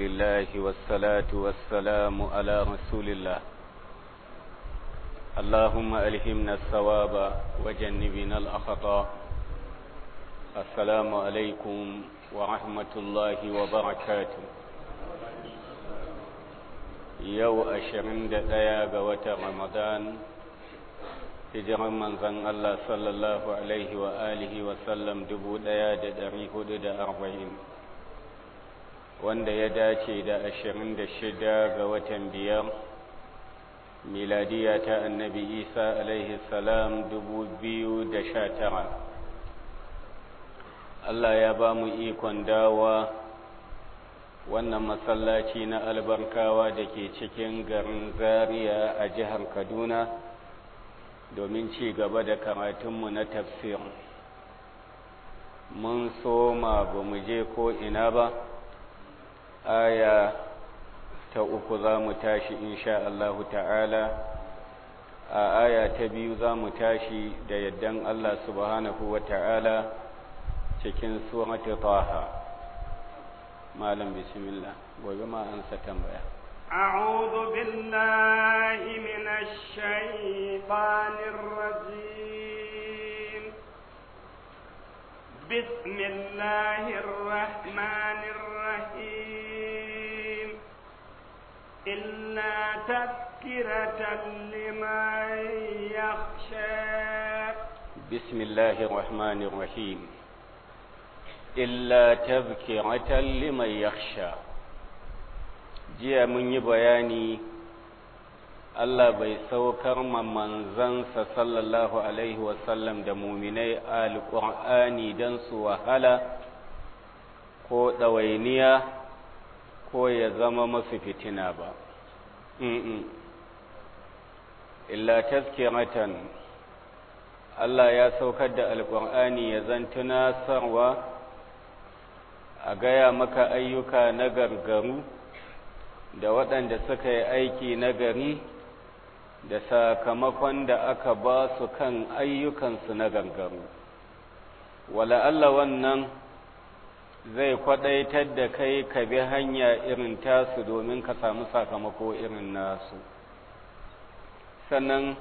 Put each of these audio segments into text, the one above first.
لله والصلاة والسلام على رسول الله اللهم ألهمنا الثواب وجنبنا الأخطاء السلام عليكم ورحمة الله وبركاته yau ashirin da ɗaya ga watan ramadan hijiran manzan Allah dubu ɗaya da ɗari hudu da arba'in wanda ya dace da ashirin da shida ga watan biyar miladiya ta annabi isa alaihi salam tara. Allah ya ba mu ikon dawa wannan masallaci na albarkawa da ke cikin garin zaria a jihar kaduna domin ci gaba da karatunmu na tafsir mun soma ba mu je ko ina ba aya ta uku za mu tashi insha Allah ta'ala a aya ta biyu za mu tashi da yaddan Allah subhanahu wa ta'ala cikin suratu taha malam bismillah gobe ma an sa tambaya a'udhu billahi minash الشيطان rajim بسم الله الرحمن الرحيم إلا تذكرة لمن يخشى بسم الله الرحمن الرحيم إلا تذكرة لمن يخشى جاء من يبياني Allah bai saukar ma manzansa sallallahu alaihi wasallam da muminai alƙur'ani don su wahala ko ɗawainiya ko ya zama masu fitina ba. Illa taskiratan Allah ya saukar da alƙur'ani ya zantuna sarwa a gaya maka ayyuka na gargaru da waɗanda suka yi aiki na gari da sakamakon da aka ba su kan ayyukansu na gangaru wala Allah wannan zai kwadaitar da kai ka bi hanya irin tasu domin ka samu sakamako irin nasu sannan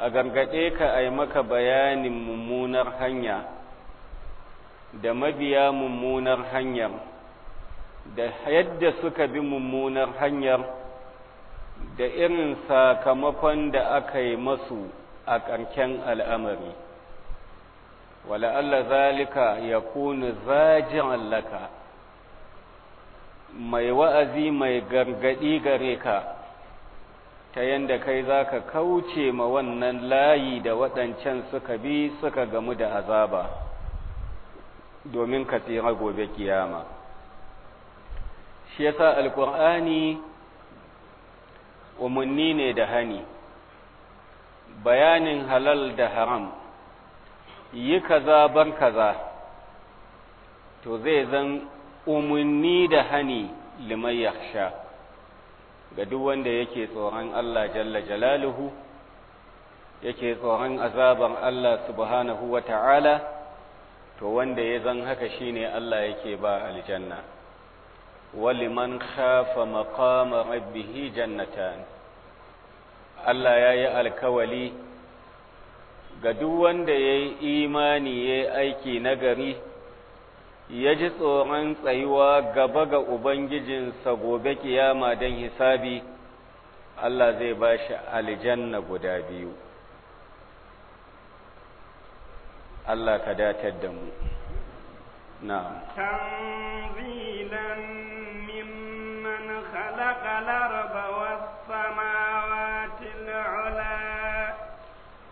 a gargaɗe ka a maka bayanin mummunar hanya da mabiya mummunar hanyar da yadda suka bi mummunar hanyar da irin sakamakon da aka yi masu a ƙarken al'amari wala Allah zalika ya kuna zajin allaka mai wa'azi mai gargaɗi gare ka ta yadda kai za ka kauce ma wannan layi da waɗancan suka bi suka gamu da azaba domin ka tsira gobe kiyama shi yasa alƙur'ani umarni ne da hani bayanin halal da haram yi kaza bar kaza to zai zan umarni da hani liman sha ga duk wanda yake tsoron Allah jalla jalaluhu yake tsoron azaban Allah subhanahu wa ta'ala to wanda ya zan haka shine Allah yake ba aljanna ولمن خاف مقام ربه جنتان Allah ya yi alkawali ga duk wanda ya yi imani ya yi aiki nagari ya ji tsoron tsayuwa gaba ga Ubangijinsa gobe kiyama don hisabi Allah zai ba shi aljanna guda biyu Allah ka datar da mu na'am الأرض والسماوات العلى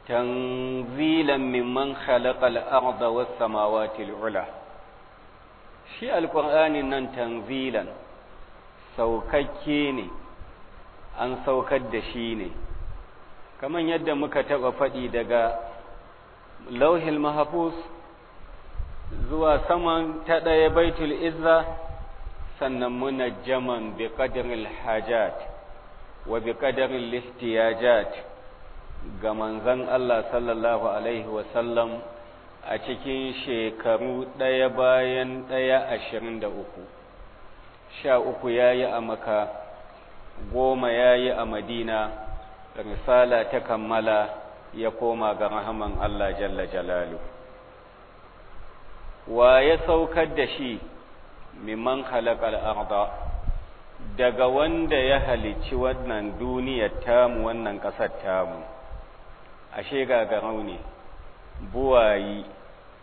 تنزيلا ممن خلق الأرض والسماوات العلى shi Alƙur'ani nan tanzilan Saukake ne an saukar da shi ne kamar yadda muka taɓa faɗi daga lauhil mahafuz zuwa saman ta ɗaya baitul izza sannan munajjaman bi qadril hajat wa bi qadril ga manzon Allah sallallahu alaihi a cikin shekaru ɗaya bayan ɗaya ashirin da uku sha uku ya yi a maka goma ya yi a madina risala ta kammala ya koma ga rahaman Allah jalla jalalu wa ya saukar da shi mimman halakar arda daga wanda ya halici wannan duniyar tamu wannan ƙasar tamu ashe gagarau ne buwayi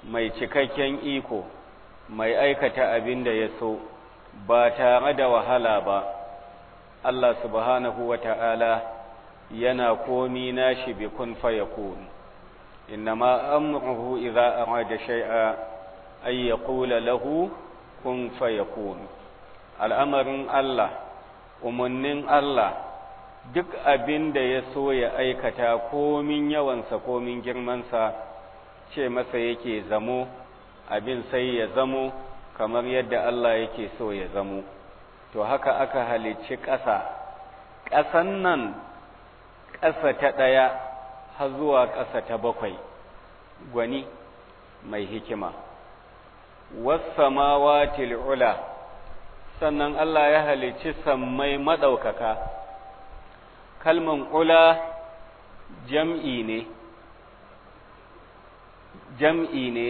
mai cikakken iko mai aikata abin da ya so ba tare da wahala ba Allah subhanahu wa ta'ala yana komi nashi bi kun fayakun innama amruhu idza arada shay'a ay yaqula lahu kun fayakun al'amarin Allah umarnin Allah duk abin da ya so ya aikata komin yawansa komin girmansa ce masa yake zamo abin sai ya zamo kamar yadda Allah yake so ya zamo to haka aka halicci ƙasa ƙasan nan ƙasa ta ɗaya har zuwa ƙasa ta bakwai gwani mai hikima was-samawati ula sannan Allah ya halicci sammai madaukaka kalman ula jam'i ne jam'i ne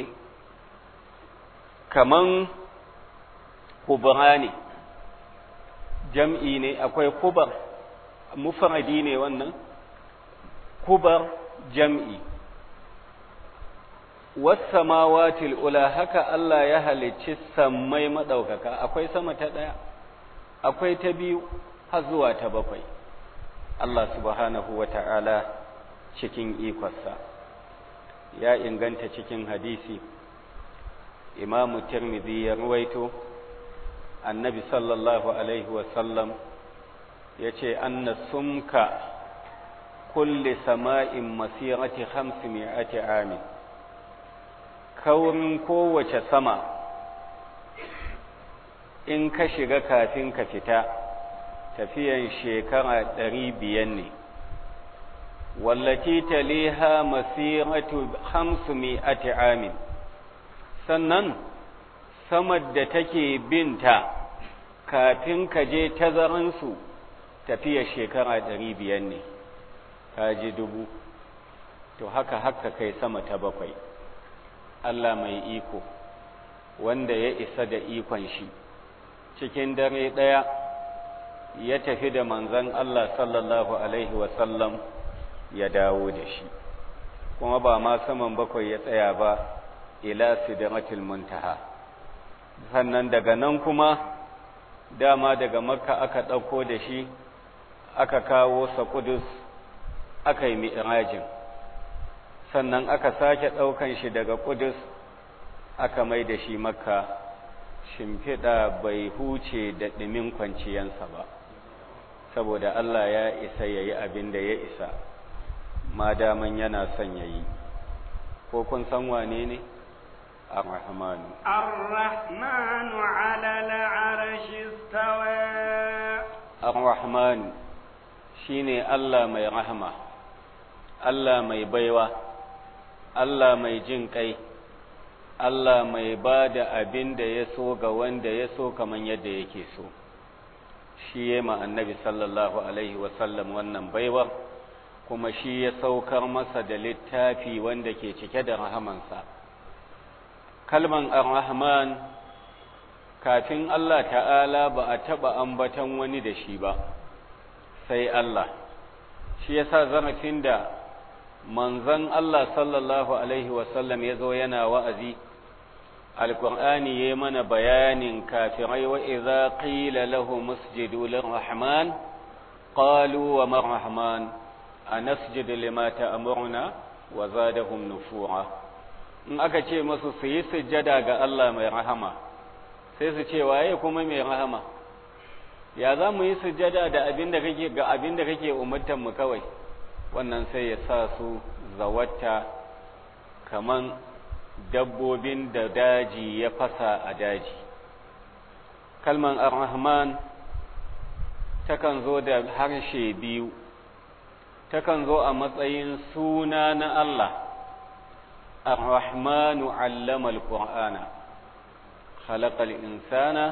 kaman kubra jam'i ne akwai kubar mufradi ne wannan kubar jam'i wasamawatil ula haka Allah ya halicci sammai madaukaka akwai sama ta daya akwai ta biyu har zuwa ta bakwai Allah subhanahu wata'ala cikin ikonsa ya inganta cikin hadisi Imam Tirmidhi ya ruwaito Annabi sallallahu alaihi wasallam yace anna sumka kulli sama'in masirati 500 amin kaurin kowace sama in ka shiga kafin ka fita tafiyan shekara ɗari biyan ne wallati taliha masiratu hamsu mi'ati amin sannan samar da take binta kafin ka je tazaransu tafiya shekara ɗari biyan ne ka ji dubu to haka haka kai sama ta bakwai Allah mai iko wanda ya isa da ikon shi cikin dare ɗaya ya tafi da manzan Allah sallallahu Alaihi wasallam ya dawo da shi kuma ba ma saman bakwai ya tsaya ba ila sidratul muntaha sannan daga nan kuma dama daga makka aka ɗauko da shi aka kawo sa kudus aka yi mi'rajin sannan aka sake ɗaukan shi daga ƙudus aka mai da shi makka shimfiɗa bai huce da ɗimin kwanciyansa ba saboda Allah ya isa ya yi abin da ya isa ma daman yana son ya yi ko kun san wane ne الرحمن الرحمن على العرش استوى shi shine Allah mai rahama Allah mai baiwa Allah mai jin kai Allah mai ba da abin da ya so ga wanda ya so kamar yadda yake so shi ya ma annabi sallallahu alaihi wasallam wannan baiwa kuma shi ya saukar masa da littafi wanda ke cike da rahamansa kalman ar-rahman kafin Allah ta'ala ba a taɓa ambatan wani da shi ba sai Allah shi ya sa zarafin da Manzan Allah sallallahu alaihi wasallam ya zo yana wa'azi alkur'ani ya yi mana bayanin kafirai wa iza qila lahu musjidu lirrahman qalu wa marrahman a nasjidu lima ta'muruna wa zadahum nufura in aka ce masu su yi sujjada ga Allah mai rahama sai su ce waye kuma mai rahama ya za mu yi sujjada ga abin da kake umurtan mu kawai wannan sai ya sa su zawata kaman dabbobin da daji ya fasa a daji kalman ar-rahman takan zo da harshe biyu takan zo a matsayin suna na Allah ar-rahmanu allama al-qur'ana khalaqa al-insana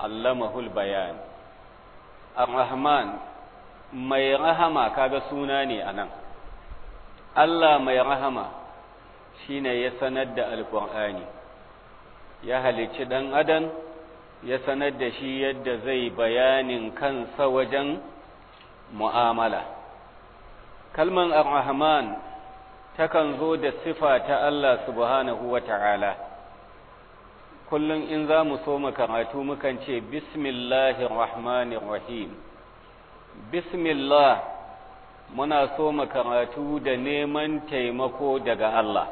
allamahu al-bayan ar-rahman mai rahama kaga suna ne anan Allah mai rahama shine ya sanar da alqur'ani ya halicci dan adam ya sanar da shi yadda zai bayanin kansa wajen mu'amala kalman ar-rahman takan zo da sifa ta Allah subhanahu wa ta'ala kullum in za mu so mu karatu mukan ce bismillahir rahmanir rahim bismillah muna so karatu da neman taimako daga Allah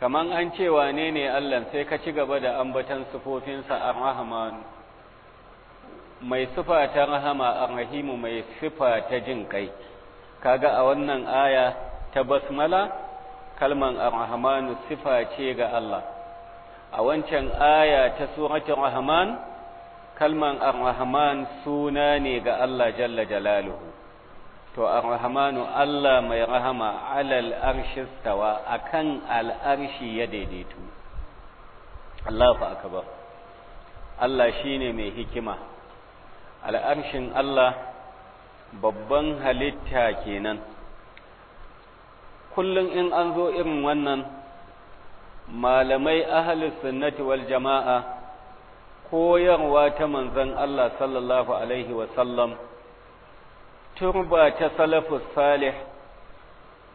Kamar an cewa ne ne Allah sai ka ci gaba da ambatan sufofinsa a rahman mai sufa ta rahama a rahimu mai sufa ta jin kai kaga a wannan aya ta basmala kalman a rahamanu sufa ce ga Allah a wancan aya ta suratun rahman kalman ar-rahman suna ne ga Allah jalla jalaluhu to ar-rahmanu Allah mai rahama alal arshi stawa akan 'arshi ya daidaitu Allahu akbar Allah shine mai hikima al'arshin Allah babban halitta kenan kullum in an zo irin wannan malamai ahlus sunnati wal jama'a koyarwa ta manzon Allah sallallahu alaihi wasallam turba ta salafus salih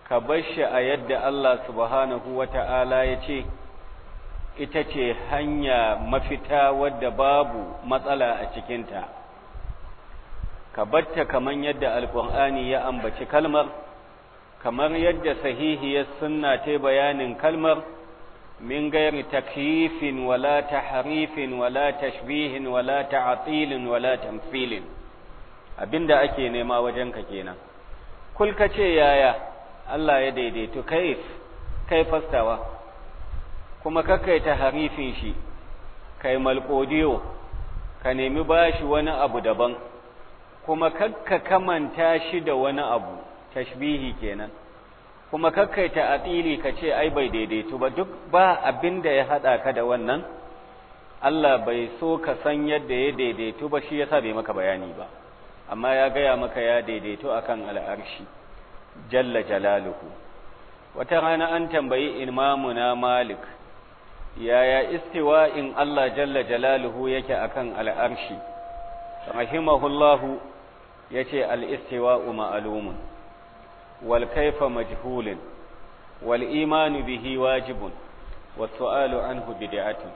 ka bashi a yadda Allah subhanahu wata'ala ya ce ita ce hanya mafita wadda babu matsala a cikinta ka batta kaman yadda alƙur'ani ya ambaci kalmar kamar yadda sahihiyar sunna ta bayanin kalmar من غير تكييف ولا تحريف ولا تشبيه ولا تعطيل ولا تمثيل abinda ake nema wajenka kenan kul kace yaya Allah ya daidaito kaif kai fastawa kuma kakai ta harifin shi kai malkodiyo ka nemi bashi wani abu daban kuma kakka kamanta shi da wani abu tashbihi kenan kuma kakkaita tsili ka ce ai bai daidaitu ba duk ba abin da ya haɗa ka da wannan Allah bai so ka san yadda ya daidaitu ba shi ya sa bai maka bayani ba amma ya gaya maka ya daidaitu akan al'arshi jalla jalaluhu wata rana an tambayi imamuna malik yaya in Allah jalla jalaluhu yake akan al'arshi rahimahullahu ce al-istiwa'u alumun wal kaifa majhulin wal imanu bihi wajibun was su'alu anhu bid'atun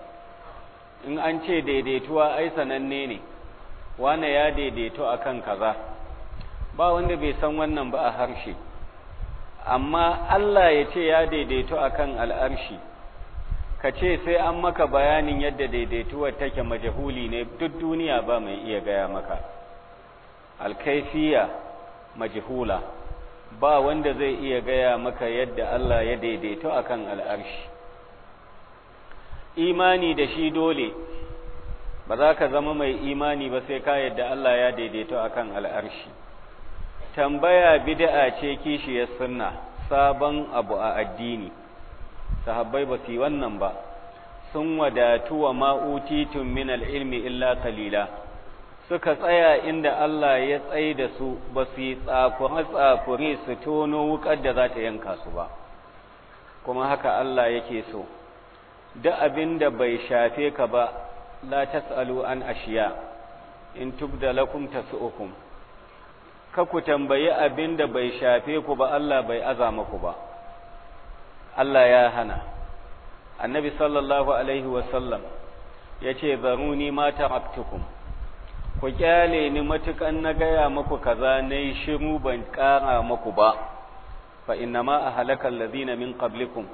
in an ce daidaituwa ai sananne ne wane ya daidaito akan kaza ba wanda bai san wannan ba a harshe amma Allah ya ce ya daidaito akan al'arshi ka ce sai an maka bayanin yadda daidaituwar take majahuli ne duk duniya ba mai iya gaya maka alkaifiya majhula ba wanda zai iya gaya maka yadda Allah ya daidaito akan al'arshi imani da shi dole ba za ka zama mai imani ba sai ka yadda Allah ya daidaito akan al'arshi tambaya bida'a ce kishiyar sunna sabon abu a addini sahabbai ba su yi wannan ba sun wadatu wa ma'utitun min al'ilmi illa kalila suka tsaya inda Allah ya tsaye da su ba su yi tsakuri-tsakuri su tono wukar da za ta yanka su ba kuma haka Allah yake so da abin da bai shafe ka ba la tas'alu an ashiya in tubda lakum ka ku tambayi abin da bai shafe ku ba Allah bai aza maku ba Allah ya hana annabi sallallahu alaihi wasallam ya ce zaruni ma ta'abtukum ku kyale ni matukan na gaya muku kaza shi shiru ban kara muku ba fa ma halakar ladina min qablikum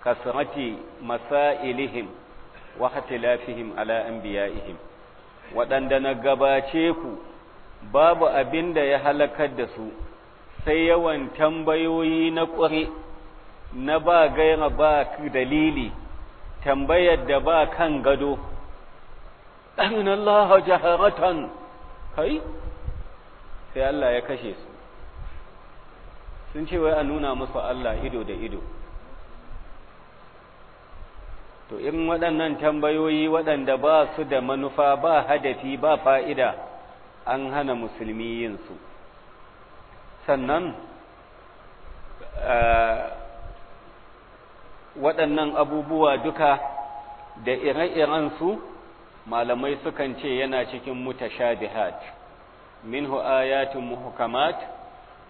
kasrati masailihim wa khatilafihim ala anbiya'ihim waɗanda na gabace ku babu abin da ya halakar da su sai yawan tambayoyi na ƙuri na ba gaira ba dalili tambayar da ba kan gado أرنا الله جهرة kai sai Allah ya kashe su sun ce wai a nuna musu Allah ido da ido to in waɗannan tambayoyi waɗanda ba su da manufa ba hadafi ba fa'ida an hana musulmi yin su sannan waɗannan abubuwa duka da ire-irensu su malamai sukan ce yana cikin mutashabihat minhu ayatun muhkamat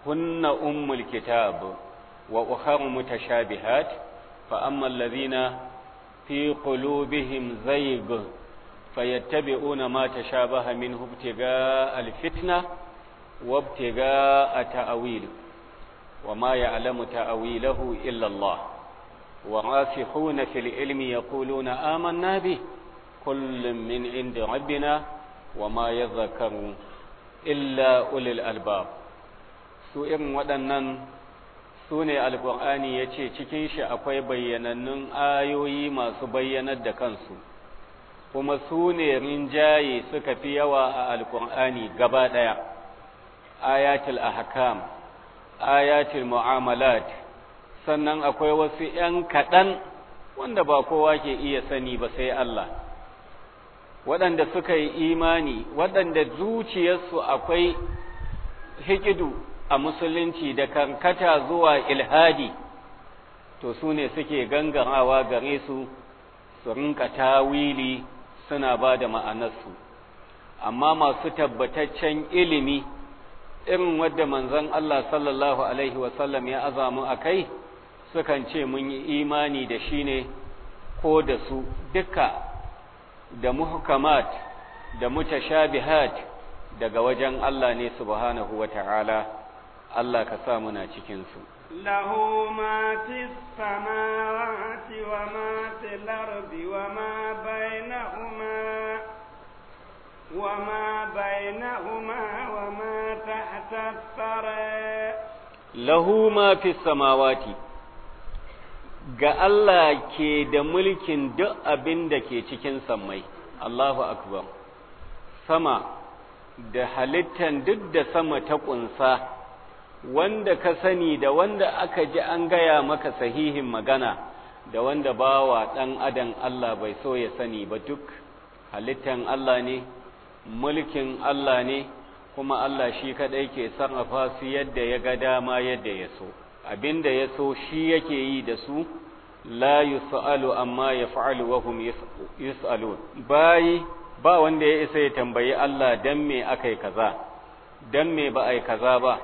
hunna ummul kitab wa ukharu mutashabihat fa amma alladhina fi qulubihim zayg fayattabi'una ma tashabaha minhu ibtiga alfitna wa ibtiga ta'wil wa ma ya'lamu ta'wilahu illa Allah wa rasihuna fil ilmi yaquluna amanna bihi kullum min inda rabbina wa ma ya zakaru illa ulil albab su irin waɗannan su ne alƙur'ani ya ce cikin shi akwai bayyanannun ayoyi masu bayyanar da kansu kuma su ne rinjaye suka fi yawa a alƙur'ani gaba ɗaya ayatul ahkam ayatul mu'amalat sannan akwai wasu ‘yan kaɗan wanda ba kowa ke iya sani ba sai Allah waɗanda suka yi imani waɗanda zuciyarsu akwai hikidu a musulunci da kankata zuwa ilhadi to su ne suke gangarawa gare su su rinka tawili suna ba da ma'anarsu amma masu tabbataccen ilimi irin wadda manzan Allah sallallahu alaihi wasallam ya azamu a kai sukan ce mun yi imani da shi ne ko da su duka da muhkamat da mutashabihat daga wajen Allah ne subhanahu wata'ala Allah ka sa muna cikin su lahu ma fis samawati wa ma fil ardi wa ma bainahuma wa ma bainahuma wa ma tahta lahu ma fis samawati ga Allah ke da mulkin duk abin da ke cikin sammai Allahu akbar sama da halittan duk da sama ta kunsa wanda ka sani da wanda aka ji an gaya maka sahihin magana da wanda bawa ɗan adam Allah bai so ya sani ba duk halittan Allah ne mulkin Allah ne kuma Allah shi kadai ke sarrafa su yadda ya ga dama yadda ya so Abin da ya so shi yake yi da su la yus'alu amma fa'alu wa hum yus'alun bayi ba wanda ya isa ya tambayi Allah dan me akai kaza dan me ba ai kaza ba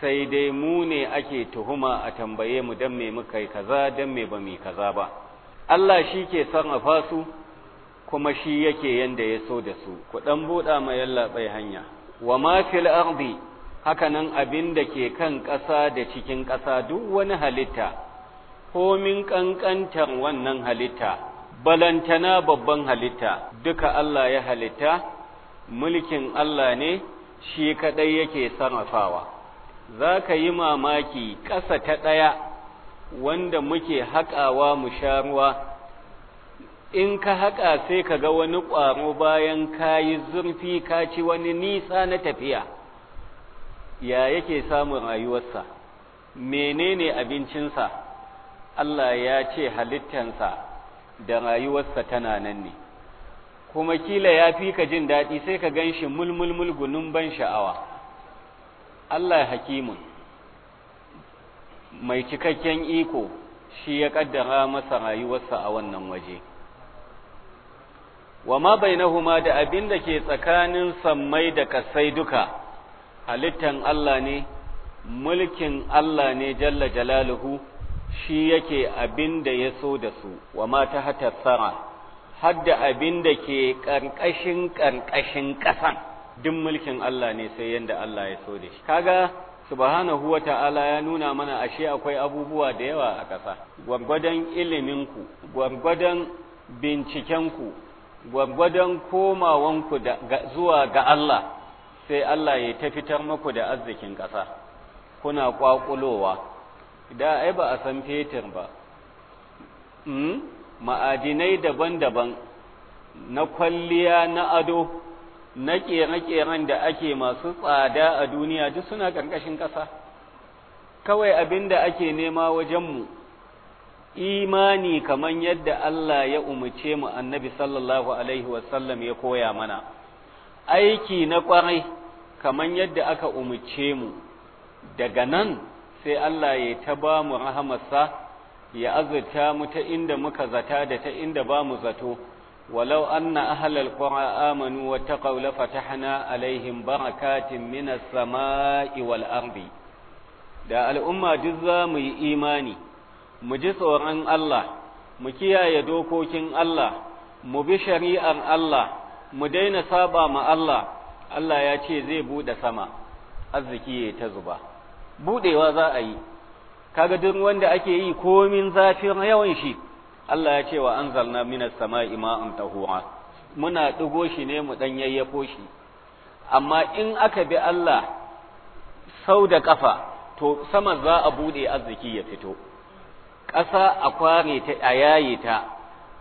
sai dai mu ne ake tuhuma a tambaye mu dan me muka yi kaza dan me ba mu kaza ba Allah shi ke sarrafa su kuma shi yake yanda ya so da su ku dan buɗa ma yalla hanya wa ma fil ardi hakanan abin da ke kan ƙasa da cikin ƙasa duk wani halitta komin ƙanƙantar wannan halitta balantana babban halitta duka Allah ya halitta mulkin Allah ne shi kaɗai yake sarrafawa za ka yi mamaki ƙasa ta ɗaya wanda muke haƙawa mu sha ruwa in ka haƙa sai ka ga wani ƙwaro bayan ka yi zurfi ka ci wani nisa na tafiya ya yake samun rayuwarsa menene abincinsa Allah ya ce halittansa da rayuwarsa tana nan ne kuma kila ya fi ka jin daɗi sai ka gan shi mulmulmul gunun ban sha'awa Allah ya hakimun mai cikakken iko shi ya ƙaddara masa rayuwarsa a wannan waje wa ma bainahuma da abin da ke tsakanin sammai da kasai duka halittan Allah ne mulkin Allah ne jalla jalaluhu shi yake abin da ya so da su wa ma ta hata tsara hadda abin da ke ƙarƙashin ƙarƙashin ƙasan duk mulkin Allah ne sai yanda Allah ya so da shi kaga subhanahu wa ta'ala ya nuna mana ashe akwai abubuwa da yawa a ƙasa gwargwadon iliminku gwargwadon bincikenku gwargwadon komawanku zuwa ga Allah sai Allah ya ta fitar muku da arzikin ƙasa kuna ƙwaƙulowa da ai ba a san fetur ba hmm? ma'adinai daban-daban na kwalliya na ado na ƙere-ƙeren da ake masu tsada a duniya duk suna ƙarƙashin ƙasa kawai abin da ake nema wajenmu imani kamar yadda Allah ya umarce mu annabi sallallahu alaihi wasallam ya koya mana aiki na ƙwarai kamar yadda aka umarce mu daga nan sai Allah ya ta ba mu rahamarsa ya azurta mu ta inda muka zata da ta inda ba mu zato walau anna ahlal qura amanu wattaqaw la fatahna alaihin barakatin minas sama'i wal ardi da al'umma duk za mu yi imani mu ji tsoron Allah mu kiyaye dokokin Allah mu bi shari'ar Allah mu daina saba ma Allah Allah ya ce zai bude sama arziki ya ta zuba budewa za a yi kaga duk wanda ake yi komin zafin yawan shi Allah ya ce wa anzalna minas sama'i ma'an tahura muna dugo shi ne mu dan yayyafo shi amma in aka bi Allah sau da kafa to sama za a bude arziki ya fito ƙasa a kware ta a yaye ta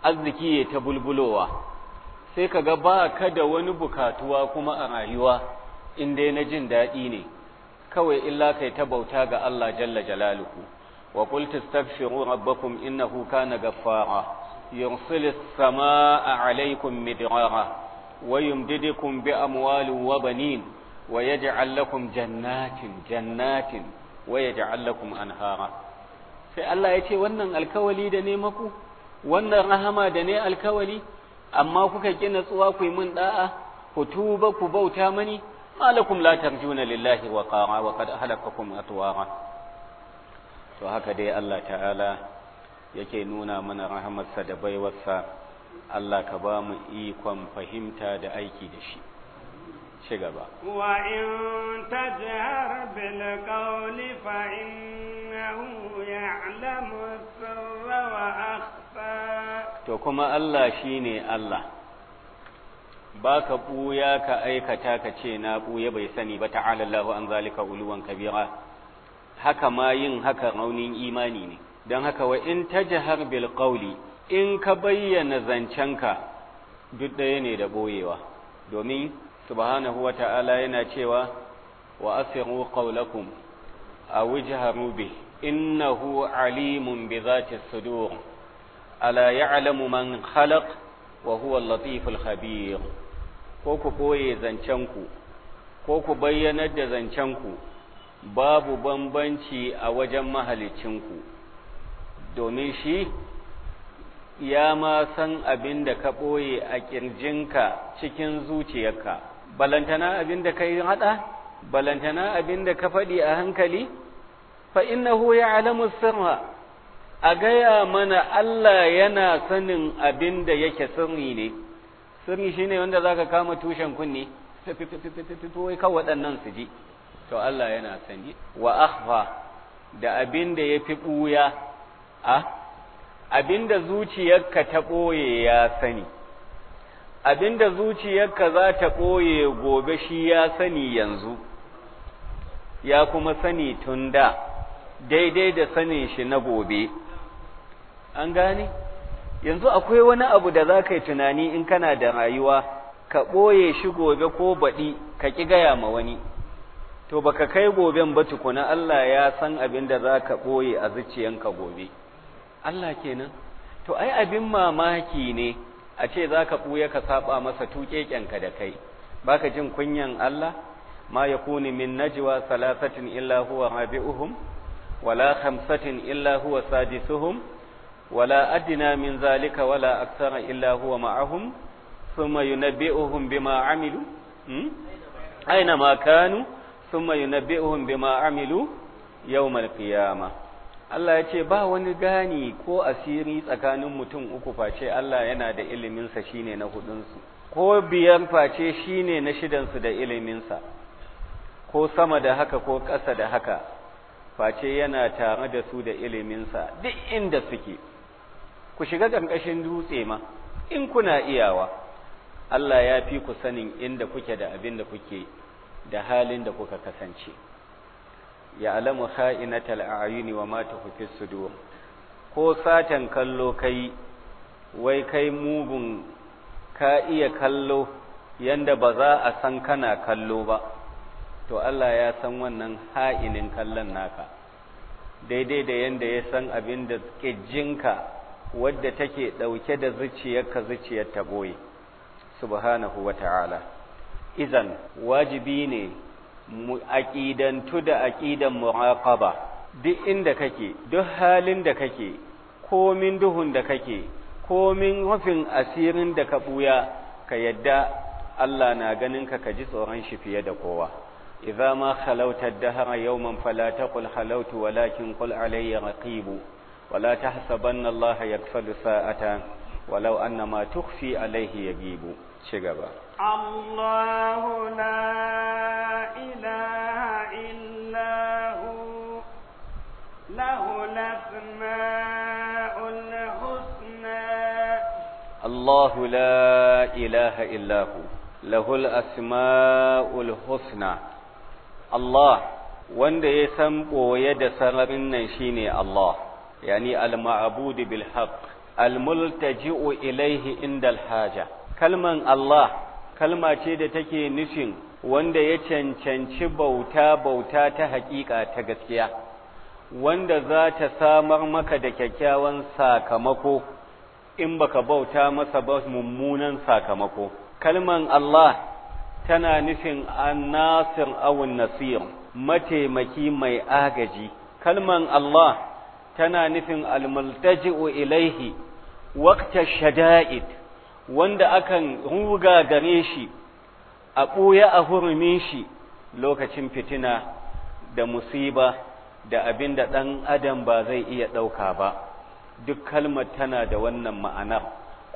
arziki ya ta bulbulowa sai ka ga ba ka da wani bukatuwa kuma a rayuwa in dai na jin daɗi ne kawai illa kai ta bauta ga Allah jalla jalaluhu wa qul tastaghfiru rabbakum innahu kana ghaffara yursilis samaa alaykum midrara wa yumdidukum bi amwalin wa banin wa yaj'al lakum jannatin jannatin wa yaj'al lakum anhara sai Allah ya ce wannan alkawali da ne maku wannan rahama da ne alkawali amma kuka gina tsuwa ku yi min da'a ku tuba ku bauta mani malakum la tarjuna lillahi wa qara wa qad halakakum atwara to haka dai Allah ta'ala yake nuna mana rahamarsa da baiwarsa Allah ka ba mu ikon fahimta da aiki da shi ci gaba wa in tajhar bil qawli fa innahu ya'lamu sirra wa akhfa to kuma Allah shi ne Allah ba ka ɓuya ka aikata ka ce na ɓuya bai sani ba ta'ala an zalika uluwan kabira haka ma yin haka raunin imani ne don haka wa in ta jihar qawli in ka bayyana zancenka duk ɗaya ne da ɓoyewa. domin subhanahu wa ta'ala yana cewa wa asiru qawlakum aw In na innahu alimun bi dhati ala ya'lamu man khalaq wa huwa al-latiful khabir ko ku ɓoye zancen ku ko ku bayyanar da zancen ku babu bambanci a wajen mahalicin ku domin shi ya ma san abin da ka ɓoye a ƙirjinka cikin zuciyarka, balantana abin da ka yi haɗa, balantana abin da ka faɗi a hankali, fa innahu ya alamu sirra a gaya mana Allah yana sanin abin da yake sirri ne sirri shi ne wanda zaka kama tushen kunne wai kan waɗannan su ji to Allah yana sani wa akhfa da abin da yafi buya a abin da zuciyarka ta ɓoye ya sani abin da zuciyarka za ta ɓoye gobe shi ya sani yanzu ya kuma sani tun da daidai da sanin shi na gobe an gane yanzu akwai wani abu da za ka yi tunani in kana da rayuwa ka ɓoye shi gobe ko baɗi ka ƙi gaya ma wani to ba ka kai goben ba tukuna Allah ya san abin da za ka ɓoye a zuciyanka gobe Allah kenan to ai abin mamaki ne a ce za ka ɓuya ka saba masa tuƙeƙenka da kai ba ka jin kunyan Allah ma ya kuni min najwa salasatin illa huwa rabi'uhum wala khamsatin illa huwa sadisuhum ولا أدنى من ذلك ولا أكثر إلا هو معهم ثم ينبئهم بما عملوا أينما كانوا ثم ينبئهم بما عملوا يوم القيامة Allah ya ce ba wani gani ko asiri tsakanin mutum uku face Allah yana da iliminsa shine na hudunsu ko biyan face shine na shidansu da iliminsa ko sama da haka ko ƙasa da haka face yana tare da su da iliminsa duk inda suke ku shiga ƙarƙashin dutse ma in kuna iyawa Allah ya fi ku sanin inda kuke da abin da kuke da halin da kuka kasance ya alamu kha'inatal a'yuni wa ma tuhfi sudur ko satan kallo kai wai kai mugun ka iya kallo yanda ba za a san kana kallo ba to Allah ya san wannan ha'inin kallon naka daidai da yanda ya san abin da kijinka wadda take ɗauke da zuciyarka zuciyar ta goye subhanahu wa ta'ala izan wajibi ne mu aqidantu da aqidan muqaba duk inda kake duk halin da kake komin duhun da kake komin rufin asirin da ka buya ka yadda Allah na ganin ka kaji tsoron shi fiye da kowa idza ma khalawta ad-dahra yawman fala taqul khalawtu walakin qul alayya raqibu ولا تحسبن الله يكفل ساعة ولو أن ما تخفي عليه يجيب شغبا الله لا إله إلا هو له الأسماء الحسنى الله لا إله إلا هو له الأسماء الحسنى الله وند يسم ويد سلم شيني الله yani al-ma'bud bil haqq al-multaji'u ilayhi inda al-haja kalman Allah kalma ce da take nufin wanda ya cancanci bauta bauta ta haƙiƙa ta gaskiya wanda za ta samar maka da kyakkyawan sakamako in baka bauta masa ba mummunan sakamako kalman Allah tana nufin aw an nasir mataimaki mai agaji kalman Allah tana nufin almultaji'u ilaihi waqta shada'id wanda akan ruga gare shi a ɓuya a hurumin shi lokacin fitina da musiba da abinda da ɗan adam ba zai iya ɗauka ba duk kalmar tana da wannan ma'anar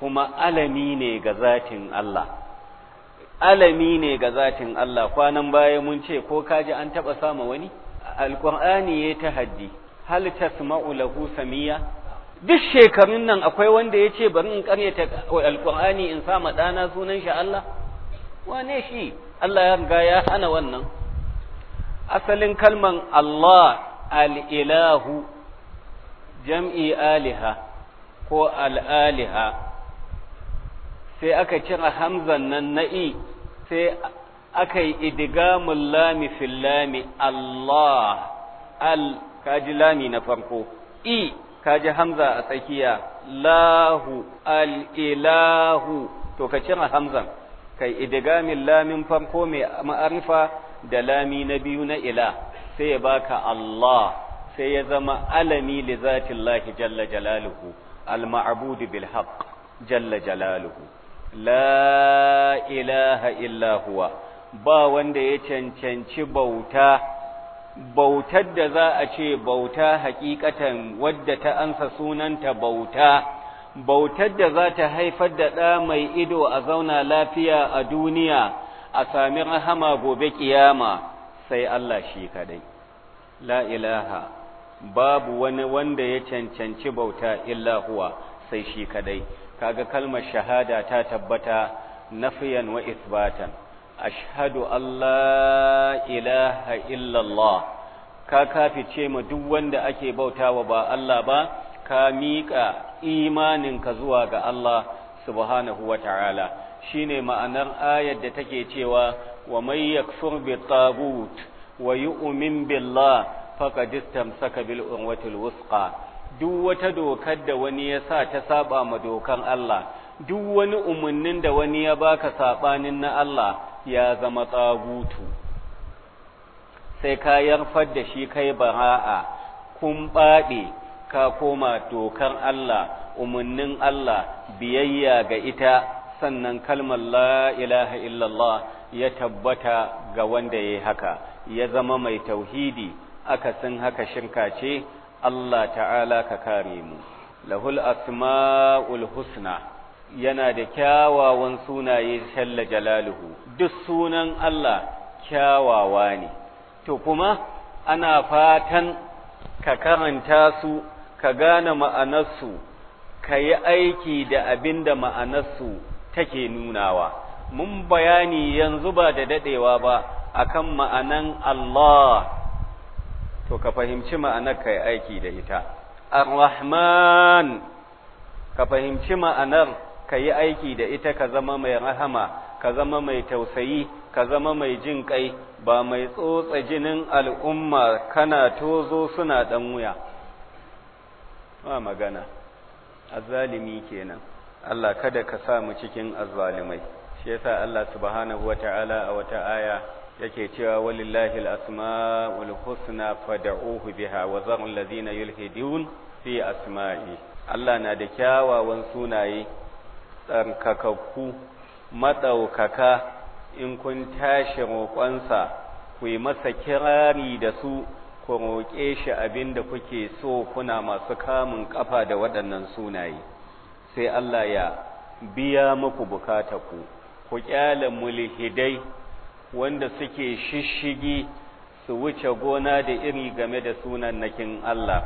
kuma alami ne ga zatin Allah alami ne ga zatin Allah kwanan baya mun ce ko kaji an taɓa sama wani alƙur'ani ya ta haddi hal tasma'u lahu samiya duk shekarun nan akwai wanda ya ce bari in karyata alkur'ani in sa ma ɗana sunan shi Allah wane shi Allah ya riga ya hana wannan asalin kalman Allah al al'ilahu jam'i aliha ko Al-Aliha, sai aka cire hamzan nan na'i sai aka yi idigamun lami fil lami Allah al ka ji lami na farko i ji hamza a tsakiya lahu al'ilahu to ka cire hamzan kai idigamin lamin farko mai ma'arifa da lami na biyu na ila sai ya baka Allah sai ya zama alami li zatillahi jalla jalaluhu al-ma'bud bil haqq jalla jalaluhu la ilaha illa huwa ba wanda ya cancanci bauta bautar da za a ce bauta hakikatan wadda ta ansa sunanta bauta bautar da za ta haifar da ɗa mai ido a zauna lafiya a duniya a sami rahama gobe ƙiyama, sai Allah shi kadai la ilaha babu wani wanda ya cancanci bauta illa huwa sai shi kadai kaga kalmar shahada ta tabbata nafiyan wa isbatan ashhadu an la ilaha illallah ka kafice ma duk wanda ake bautawa ba Allah ba ka miƙa imaninka zuwa ga Allah subhanahu wa ta'ala shine ma'anar ayar da take cewa wa may yakfur bi tagut wa yu'min billah faqad istamsaka bil urwatil wusqa duk wata dokar da wani ya sa ta saɓa ma dokar Allah duk wani umarnin da wani ya baka saɓanin na Allah ya zama tsagutu sai ka yarfar da shi kai bara'a kun baɗe ka koma dokar Allah umarnin Allah biyayya ga ita sannan kalmar la ilaha illallah ya tabbata ga wanda ya haka ya zama mai tauhidi aka akasin haka shirka ce Allah ta'ala ka kare mu lahul asma'ul husna yana da kyawawan sunaye shalla jalaluhu duk sunan Allah kyawawa ne to kuma ana fatan ka karanta su ka gane ma'anarsu ka yi aiki da abin da ma'anarsu take nunawa mun bayani yanzu ba da daɗewa ba akan ma'anan Allah to ka fahimci ma'anar kai aiki da ita ar-rahman ka fahimci ma'anar ka yi aiki da ita ka zama mai rahama ka zama mai tausayi ka zama mai jin kai ba mai tsotsa jinin al'umma kana tozo suna ɗan wuya ba magana azalimi kenan Allah kada ka sa mu cikin azalimai. shi yasa Allah subhanahu ta’ala a wata aya yake cewa walillahi al-asma'ul husna fad'uhu biha wa zarun lazina yulhidun fi asma'i Allah na da kyawawan sunaye tsarkakakku maɗaukaka in kun tashi roƙonsa ku yi masa kirari da su ku roƙe shi abin da kuke so kuna masu kamun ƙafa da waɗannan sunaye sai Allah ya biya muku bukata ku ku ƙyale mulhidai wanda suke shishigi su wuce gona da iri game da sunan nakin Allah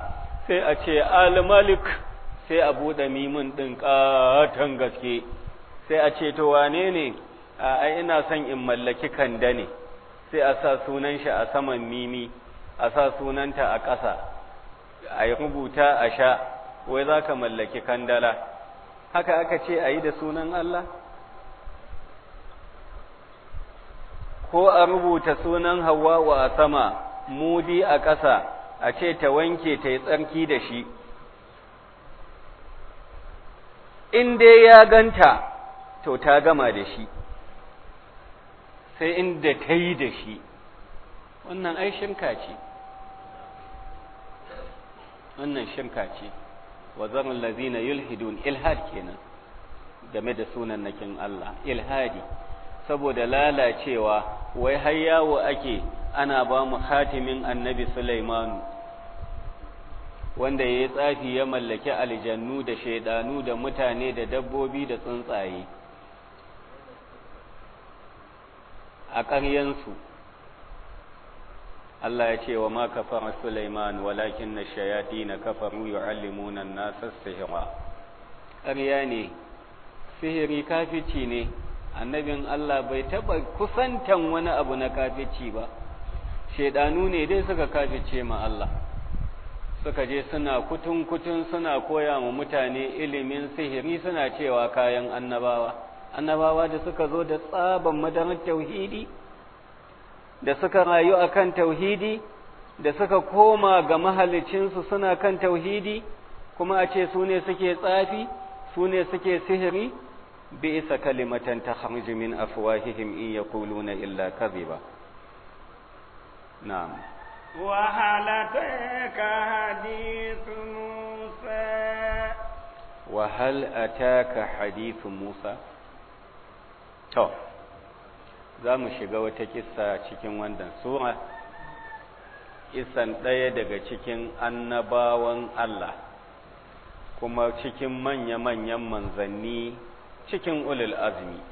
sai a ce al-malik sai a buɗe mimin ɗin ƙatan gaske sai a ce to wane ne a ina son in mallaki kanda ne sai a sa sunan shi a saman mimi a sa sunanta a ƙasa a yi rubuta a sha wai za ka mallaki kandala haka aka ce a yi da sunan Allah ko a rubuta sunan hawa wa sama mudi a ƙasa a ce ta wanke ta yi tsarki da shi in dai ya ganta to ta gama da shi sai inda ta yi da shi wannan ai shirka ce wannan shirka ce wa lazina yulhidun ilhad kenan game da sunan nakin Allah ilhadi saboda lalacewa wai har yawo ake ana ba mu hatimin annabi Sulaimanu wanda ya yi tsafi ya mallaki aljannu da shaidanu da mutane da dabbobi da tsuntsaye a ƙaryensu. Allah ya ce wa ma kafara Sulaiman walakin na shayati na kafaru alimunan nasa ƙarya ne sihiri kafici ne annabin Allah bai taɓa kusantan wani abu na kafici ba shaidanu ne dai suka kafice ma Allah suka je suna kutun-kutun suna koya mu mutane ilimin sihiri suna cewa kayan annabawa annabawa da suka zo da tsaban madarar tauhidi da suka rayu a kan tauhidi da suka koma ga mahalicinsu suna kan tauhidi kuma a ce su ne suke tsafi su ne suke sihiri bi isa kalimatan ta min afwahihim in na illa kadhiba na'am وهل أتاك حديث موسى وهل أتاك حديث موسى to za mu shiga wata kissa cikin wannan sura kisan ɗaya daga cikin annabawan Allah kuma cikin manya-manyan manzanni cikin ulul azmi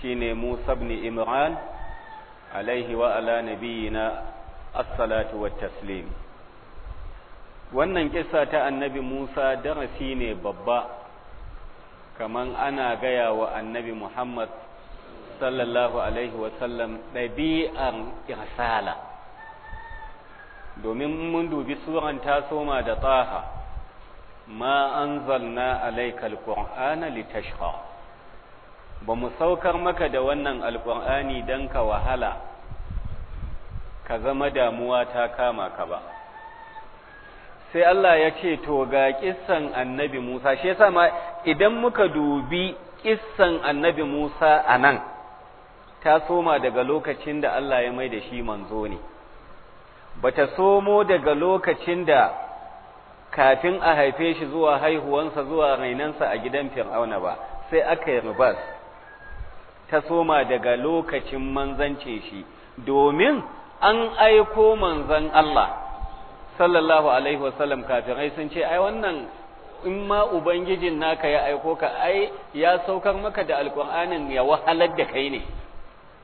shine Musa ibn Imran alaihi wa ala nabiyina as-salatu wat taslim wannan kissa ta annabi Musa darasi ne babba kaman ana gaya wa annabi Muhammad sallallahu alaihi sallam, ɗabi'an irsala domin mun dubi suran ta soma da taha ma anzalna alaika alqur'ana litashqa ba mu saukar maka da wannan alqur'ani dan ka wahala ka zama damuwa ta kama ka ba sai Allah ya ce to ga kisan annabi Musa shi yasa ma idan muka dubi kissan annabi Musa a nan ta soma daga lokacin da Allah ya mai da shi manzo ne bata somo daga lokacin da kafin a haife shi zuwa haihuwansa zuwa rainansa a gidan fir'auna ba sai aka yi rubas ta soma daga lokacin manzance shi domin an aiko manzan Allah sallallahu alaihi wasallam kafirai sun ce ai wannan in ma ubangijin naka ya aiko ka ai ya saukar maka da alkur'anin ya wahalar da kai ne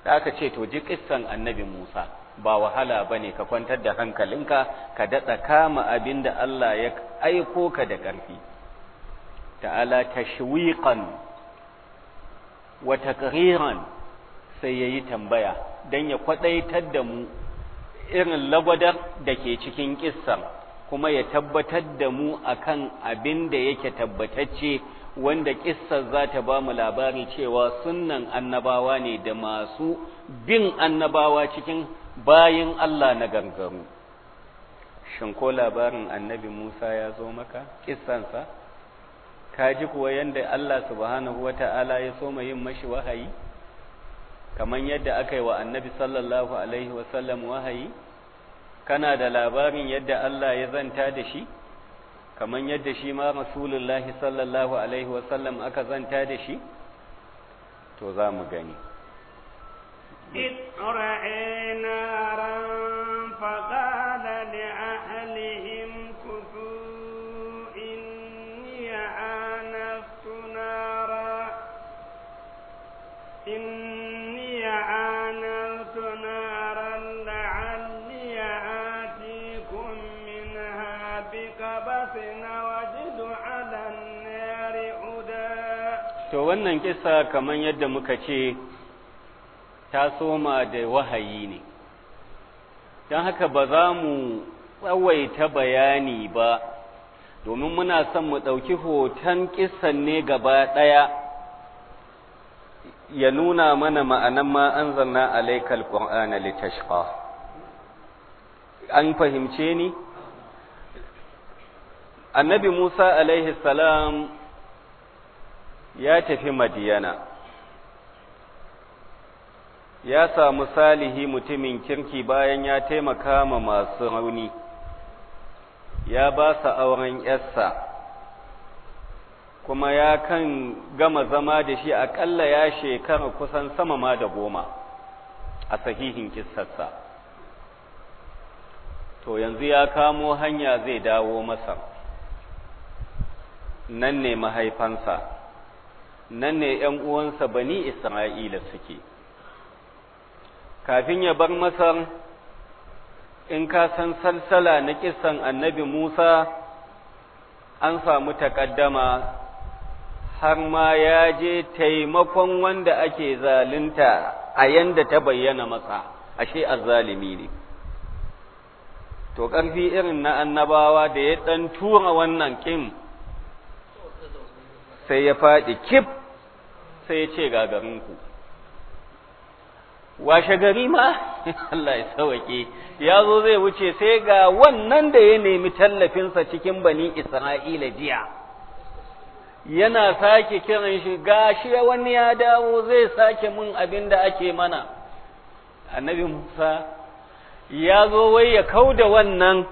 da aka ce to ji kissan annabi Musa ba wahala bane ka kwantar da hankalinka ka daɗa kama abinda Allah ya aiko ka da ƙarfi ta'ala tashwiqan wa taqriran sai yayi tambaya dan ya kwadaitar da mu irin lagwadar da ke cikin kissar kuma ya tabbatar da mu akan abin da yake tabbatacce wanda kissar za ta ba mu labari cewa sunnan annabawa ne da masu bin annabawa cikin bayin Allah na gangaru shin ko labarin annabi Musa ya zo maka sa? ka ji kuwa yanda Allah subhanahu wa Ta'ala ya so yin mashi wahayi kamar yadda aka yi wa annabi sallallahu alaihi wasallam wahayi kana da labarin yadda Allah ya zanta da shi kamar yadda shi ma rasulullahi sallallahu alaihi wasallam aka zanta da shi to za mu gani إذ رأي نارا فقال to wannan kisa kamar yadda muka ce ta soma da wahayi ne don haka ba za mu tsawaita bayani ba domin muna son mu ɗauki hoton kisan ne gaba ɗaya ya nuna mana ma'anan ma an zanna alaikal ƙwa'ana litashqa an fahimce ni annabi musa alaihi salam ya tafi madiyana ya samu salihi mutumin kirki bayan ya taimaka ma masu rauni ya ba sa auren yarsa kuma ya kan gama zama da shi aƙalla ya shekara kusan sama ma da goma a sahihin kissarsa to yanzu ya kamo hanya zai dawo masa nan ne mahaifansa nan ne ‘yan uwansa bani Isra'ila suke. Kafin ya bar Masar, in ka san salsala na kisan annabi Musa, an samu takaddama har ma ya je taimakon wanda ake zalunta a yanda ta bayyana masa, ashe zalimi ne. To, ƙarfi irin na annabawa da ya ɗan tura wannan kim, sai ya faɗi kif sai ya ce ga garinku washe gari ma Allah ya sauke ya zo zai wuce sai ga wannan da ya nemi tallafinsa cikin bani Isra'ila jiya yana sake kiran shi gashi wani ya dawo zai sake mun abin da ake mana annabi Musa ya zo wai ya kau da wannan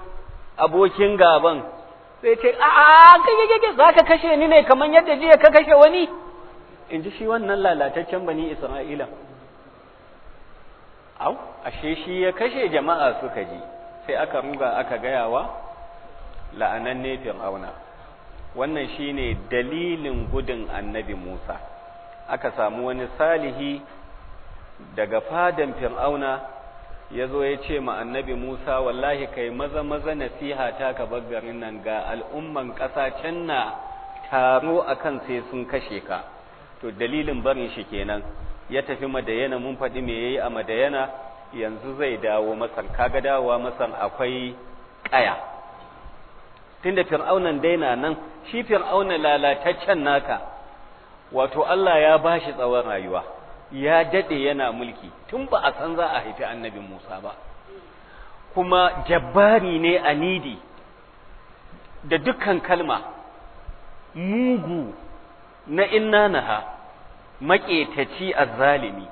abokin gaban sai ce a a'a kake za zaka kashe ni ne kaman yadda jiya ka kashe wani in ji shi wannan lalataccen bani isra'ila au ashe shi ya kashe jama'a suka ji sai aka ruga aka gayawa la'ananne fir'auna wannan shine dalilin gudun annabi Musa aka samu wani salihi daga fadan fir'auna ya zo ya ce ma annabi Musa wallahi kai maza maza nasiha ta ka garin nan ga al'umman ƙasa can na taro akan sai sun kashe ka to dalilin barin shi kenan ya tafi madayana mun faɗi me yayi a madayana yanzu zai dawo masar kaga dawowa masar akwai ƙaya tunda fir'aunan daina nan shi fir'auna lalataccen naka wato Allah ya bashi tsawon rayuwa ya dade yana mulki tun ba a san za a haifi annabi Musa ba kuma jabbari ne anidi da dukkan kalma mugu na inna naha maƙetaci a zalimi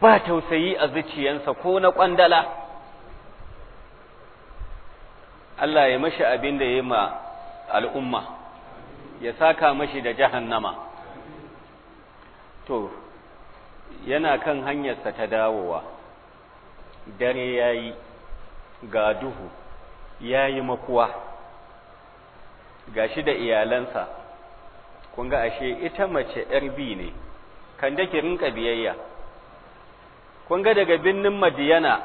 ba tausayi a zuciyansa ko na ƙwandala Allah ya mashi abin da ya ma al'umma ya saka mashi da jihan nama. to yana kan hanyarsa ta dawowa dare ya yi ga duhu ya yi makuwa ga shi da iyalansa kun ga ashe ita mace ‘yar bi ne, kan da ki rinka biyayya. Kun ga daga birnin Madiyana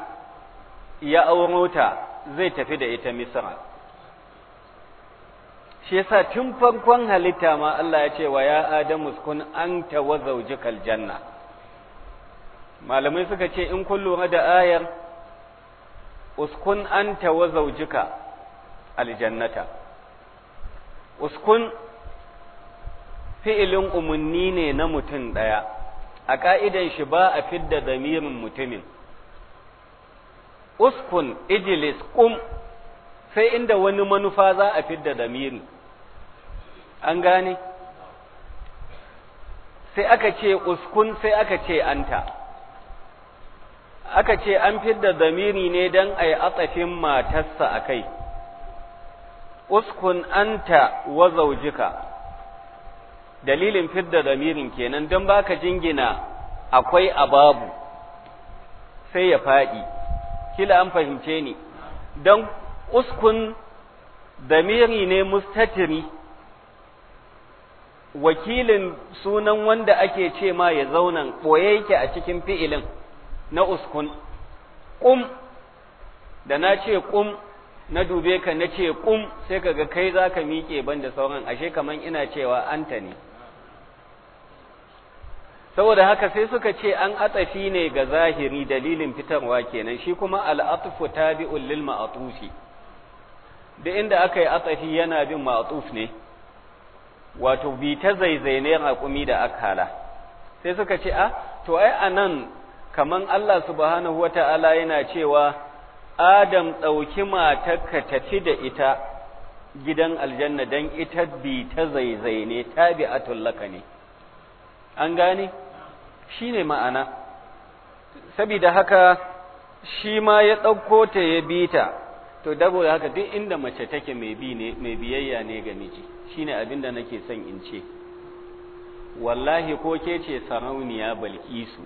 ya auro ta zai tafi da ita Misra. Shi yasa tun farkon halitta ma Allah ya ce wa ya Adamu kun an tawa zaujikal janna. Malamai suka ce in kun lura da ayar, uskun an tawa zaujika aljannata. Uskun fi'ilin umarni ne na mutum ɗaya a ƙa'idan shi ba a fidda zamirin mutumin uskun ijilis ƙun sai inda wani manufa za a fidda zamirin. an gane sai aka ce uskun sai aka ce anta aka ce an fidda zamiri ne don a yi atsafin matarsa a kai uskun anta wa zaujika dalilin fidda damirin kenan don baka jingina akwai ababu sai ya faɗi kila an fahimce ni don uskun damiri ne mustatiri wakilin sunan wanda ake ce ma ya zaunan ɓoye yake a cikin fi'ilin na uskun ƙum da na ce ƙum na dube ka na ce ƙum sai kaga kai za ka miƙe ban da sauran ashe kaman ina cewa anta ne saboda haka sai suka ce an atafi ne ga zahiri dalilin fitarwa kenan shi kuma al'atfu tabi'un lil ma'tufi da inda aka yi atafi yana bin ma'tuf ne wato bi ta zaizaine raƙumi da akala sai suka ce a ah, to ai anan kaman Allah subhanahu wata'ala yana cewa Adam ɗauki matarka tafi da ita gidan aljanna dan ita bi ta zaizaine tabi'atul lakani ne an gane Shi ne ma'ana saboda haka shi ma ya ɗauko ta ya bi ta to da haka duk inda mace take mai biyayya ne ga miji shi ne abin da nake son in ce wallahi ko ke ce sarauniya balkisu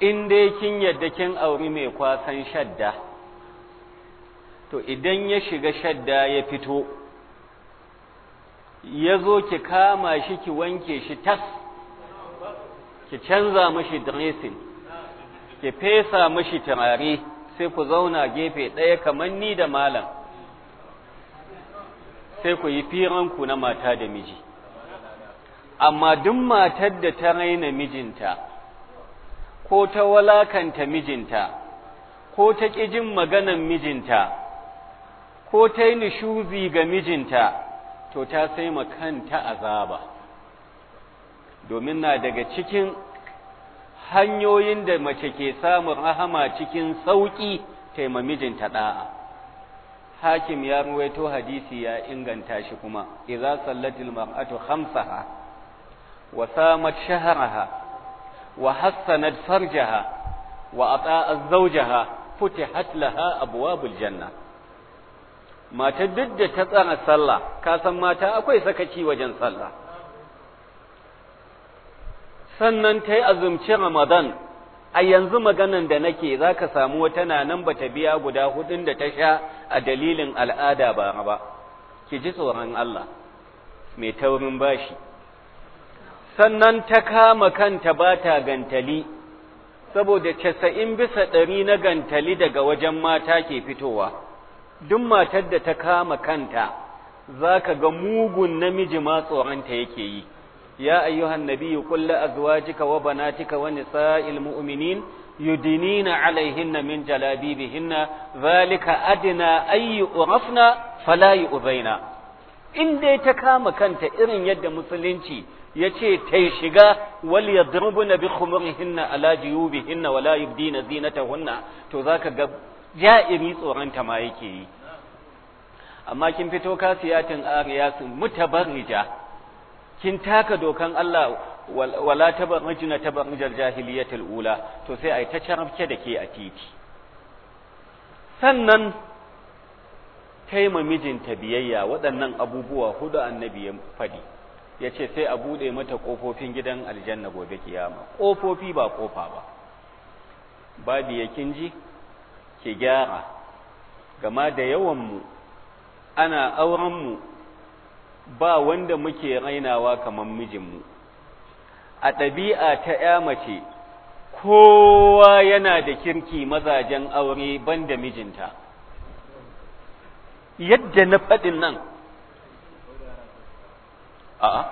in dai kin yadda kin auri mai kwasan shadda to idan ya shiga shadda ya fito ya zo ki kama shi ki wanke shi tas ki canza mashi dressing ki fesa mashi turare sai ku zauna gefe ɗaya kamar ni da malam sai ku yi firanku na mata da miji amma duk matar da ta raina mijinta ko ta walakanta mijinta ko ta ƙi jin maganan mijinta ko ta yi nishuzi ga mijinta to ta sai kanta azaba domin na daga cikin hanyoyin da mace ke samun rahama cikin sauƙi taimamijinta ɗa'a hakim ya ruwaito hadisi ya inganta shi kuma idza sallatil mar'atu khamsaha wa samat shahraha wa hassanat farjaha wa ata'at zawjaha futihat laha abwabul janna mata duk da ta tsara sallah ka san mata akwai sakaci wajen sallah sannan ta yi azumci Ramadan, a yanzu maganan da nake za ka samu wata nanan nan ba ta biya guda hudun da ta sha a dalilin al'ada ba ba, ki ji tsoron Allah mai taurin bashi. Sannan ta kama kanta ba ta gantali, saboda casa'in bisa ɗari na gantali daga wajen mata ke fitowa, duk matar da ta kama kanta za ka ga mugun namiji ma tsoronta yake yi. يا أيها النبي قل لأزواجك وبناتك ونساء المؤمنين يدنين عليهن من جلابيبهن ذلك أدنى أن يؤرفن فلا يؤذين in dai ta kama kanta irin yadda musulunci ya ce ta yi shiga wal yadrubna bi khumurihinna ala jiyubihinna wala yubdina zinatahunna to zaka ga ja'iri tsoron ta ma yi amma kin fito kasiyatin ariyatin mutabarrija kin taka dokan Allah wala taban tabarrujal jahiliyatul ula to sai ai ta carabke da ke a titi sannan taima mijinta biyayya waɗannan abubuwa hudu annabi ya faɗi ya ce sai a buɗe mata ƙofofin gidan aljanna gobe kiyama ƙofofi ba ƙofa ba babu ya ji ki gyara gama da yawanmu ana auren mu ba wanda muke rainawa kamar mijinmu a ɗabi'a ta ‘ya mace kowa yana da kirki mazajen aure ban da mijinta yadda na faɗin nan a'a